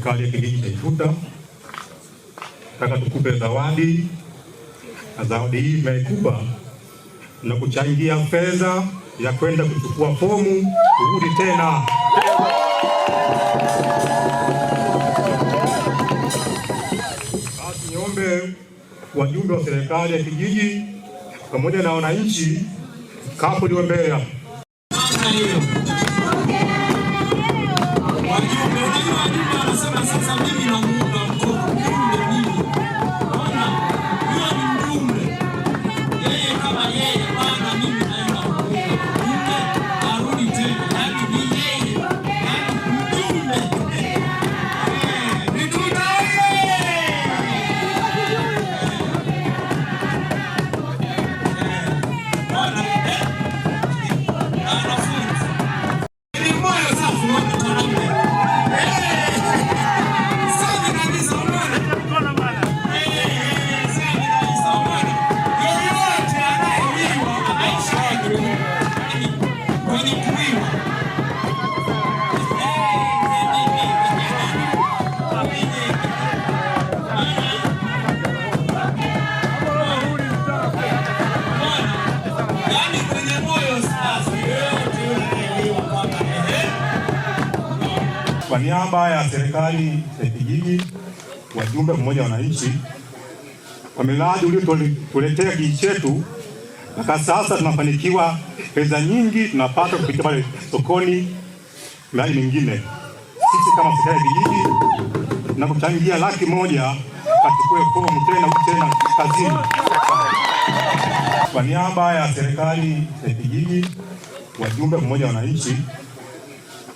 serikali ya kijiji cha Ifuta. Nataka tukupe zawadi, na zawadi hii imeikupa na kuchangia fedha ya kwenda kuchukua fomu kurudi tena. Basi niombe wajumbe wa serikali ya kijiji pamoja na wananchi, kapo liwe mbele hapo. Kwa niaba ya serikali ya kijiji, wajumbe pamoja wananchi, kwa miradi uliotuletea kijiji chetu mpaka sasa tunafanikiwa, fedha nyingi tunapata kupitia pale sokoni, miradi mingine sisi kama serikali ya kijiji na kuchangia laki moja kachukue fomu tena tena kazini. Kwa niaba ya serikali ya kijiji, wajumbe pamoja wananchi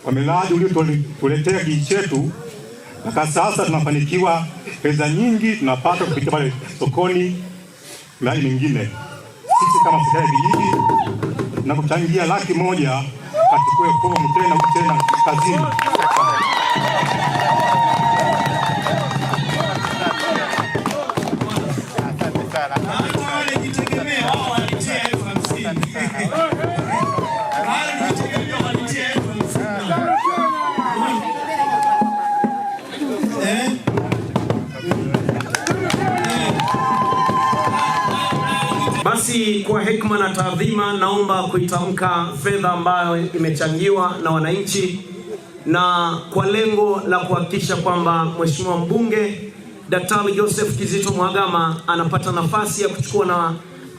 kwa miradi uliotuletea kijiji chetu, mpaka sasa tunafanikiwa, fedha nyingi tunapata kupitia pale sokoni, miradi mingine. Sisi kama serikali ya kijiji na kuchangia laki moja, kachukue fomu tena tena kazini Basi kwa hekima na taadhima, naomba kuitamka fedha ambayo imechangiwa na wananchi na kwa lengo la kuhakikisha kwamba mheshimiwa mbunge Daktari Joseph Kizito Mhagama anapata nafasi ya kuchukua na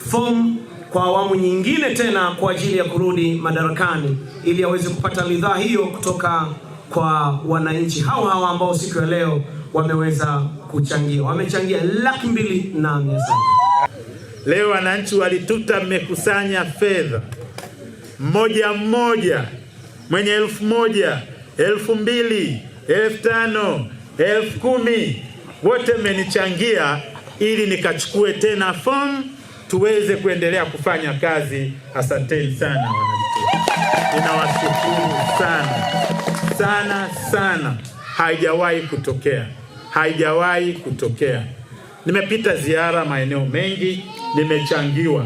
fomu kwa awamu nyingine tena kwa ajili ya kurudi madarakani ili aweze kupata ridhaa hiyo kutoka kwa wananchi hawa hawa ambao siku ya leo wameweza kuchangia, wamechangia laki mbili na mia saba. Leo wananchi walituta, mmekusanya fedha mmoja mmoja, mwenye elfu moja, elfu mbili, elfu tano, elfu kumi, wote mmenichangia ili nikachukue tena fomu tuweze kuendelea kufanya kazi. Asanteni sana wananchi, ninawashukuru sana sana sana. Haijawahi kutokea, haijawahi kutokea. Nimepita ziara maeneo mengi nimechangiwa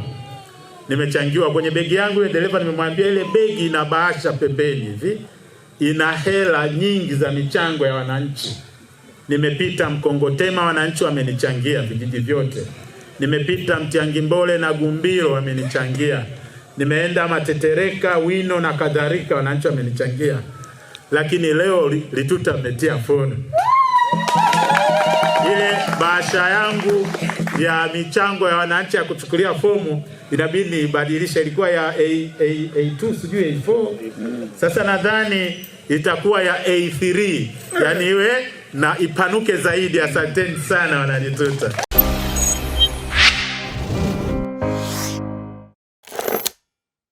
nimechangiwa kwenye begi yangu. Yule dereva nimemwambia ile begi ina bahasha pembeni hivi, ina hela nyingi za michango ya wananchi. Nimepita Mkongotema, wananchi wamenichangia vijiji vyote. Nimepita Mtiangimbole na Gumbiro, wamenichangia. Nimeenda Matetereka, Wino na kadhalika, wananchi wamenichangia. Lakini leo Lituta metia foni ile bahasha yangu ya michango ya wananchi ya kuchukulia fomu inabidi ibadilishe, ilikuwa ya A, A, A2 sijui A4, sasa nadhani itakuwa ya A3, yani iwe na ipanuke zaidi. Asanteni sana wanajituta